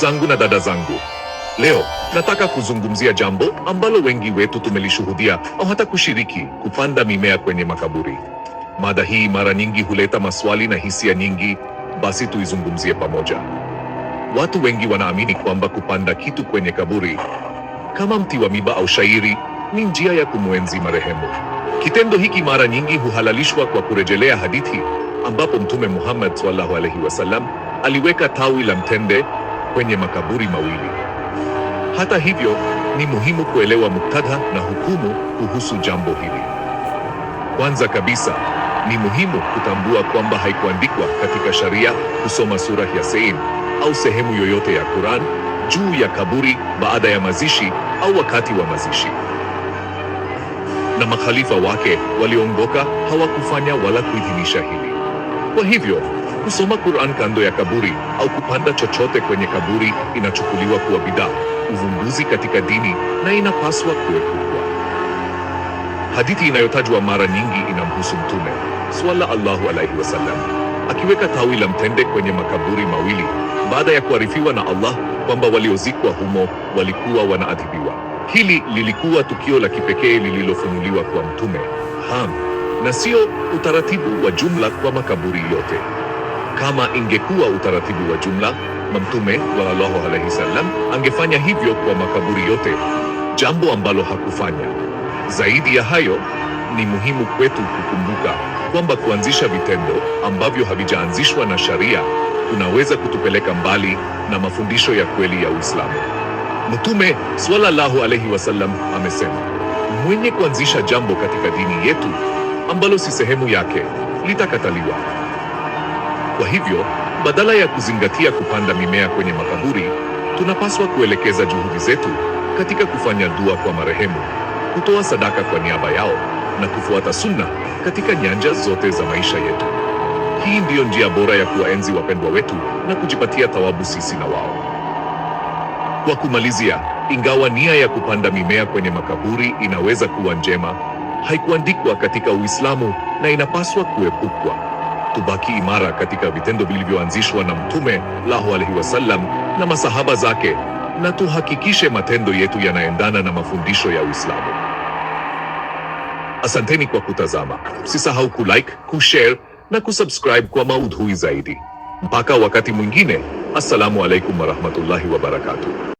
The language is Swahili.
zangu na dada zangu, leo nataka kuzungumzia jambo ambalo wengi wetu tumelishuhudia au hata kushiriki: kupanda mimea kwenye makaburi. Mada hii mara nyingi huleta maswali na hisia nyingi, basi tuizungumzie pamoja. Watu wengi wanaamini kwamba kupanda kitu kwenye kaburi, kama mti wa miba au shairi, ni njia ya kumwenzi marehemu. Kitendo hiki mara nyingi huhalalishwa kwa kurejelea hadithi ambapo Mtume Muhammad sallallahu alaihi wasallam aliweka tawi la mtende kwenye makaburi mawili. Hata hivyo, ni muhimu kuelewa muktadha na hukumu kuhusu jambo hili. Kwanza kabisa, ni muhimu kutambua kwamba haikuandikwa katika sharia kusoma sura ya sein au sehemu yoyote ya Quran juu ya kaburi baada ya mazishi au wakati wa mazishi. Na makhalifa wake waliongoka hawakufanya wala kuidhinisha hili. Kwa hivyo Kusoma Quran kando ya kaburi au kupanda chochote kwenye kaburi inachukuliwa kuwa bidaa, uvumbuzi katika dini na inapaswa kuepukwa. Hadithi inayotajwa mara nyingi inamhusu Mtume swalla Allahu alaihi wasallam akiweka tawi la mtende kwenye makaburi mawili baada ya kuarifiwa na Allah kwamba waliozikwa humo walikuwa wanaadhibiwa. Hili lilikuwa tukio la kipekee lililofunuliwa kwa Mtume ham na sio utaratibu wa jumla kwa makaburi yote. Kama ingekuwa utaratibu wa jumla, Mtume sallallahu alaihi wasallam angefanya hivyo kwa makaburi yote, jambo ambalo hakufanya. Zaidi ya hayo, ni muhimu kwetu kukumbuka kwamba kuanzisha vitendo ambavyo havijaanzishwa na sharia kunaweza kutupeleka mbali na mafundisho ya kweli ya Uislamu. Mtume sallallahu alaihi wasallam amesema, mwenye kuanzisha jambo katika dini yetu ambalo si sehemu yake litakataliwa. Kwa hivyo, badala ya kuzingatia kupanda mimea kwenye makaburi, tunapaswa kuelekeza juhudi zetu katika kufanya dua kwa marehemu, kutoa sadaka kwa niaba yao na kufuata sunna katika nyanja zote za maisha yetu. Hii ndiyo njia bora ya kuwaenzi wapendwa wetu na kujipatia thawabu sisi na wao. Kwa kumalizia, ingawa nia ya kupanda mimea kwenye makaburi inaweza kuwa njema, haikuandikwa katika Uislamu na inapaswa kuepukwa tubaki imara katika vitendo vilivyoanzishwa na Mtume lahu alaihi wasallam na masahaba zake, na tuhakikishe matendo yetu yanaendana na mafundisho ya Uislamu. Asanteni kwa kutazama. Usisahau kulike, kushare na kusubscribe kwa maudhui zaidi. Mpaka wakati mwingine, assalamu alaikum warahmatullahi wabarakatuh.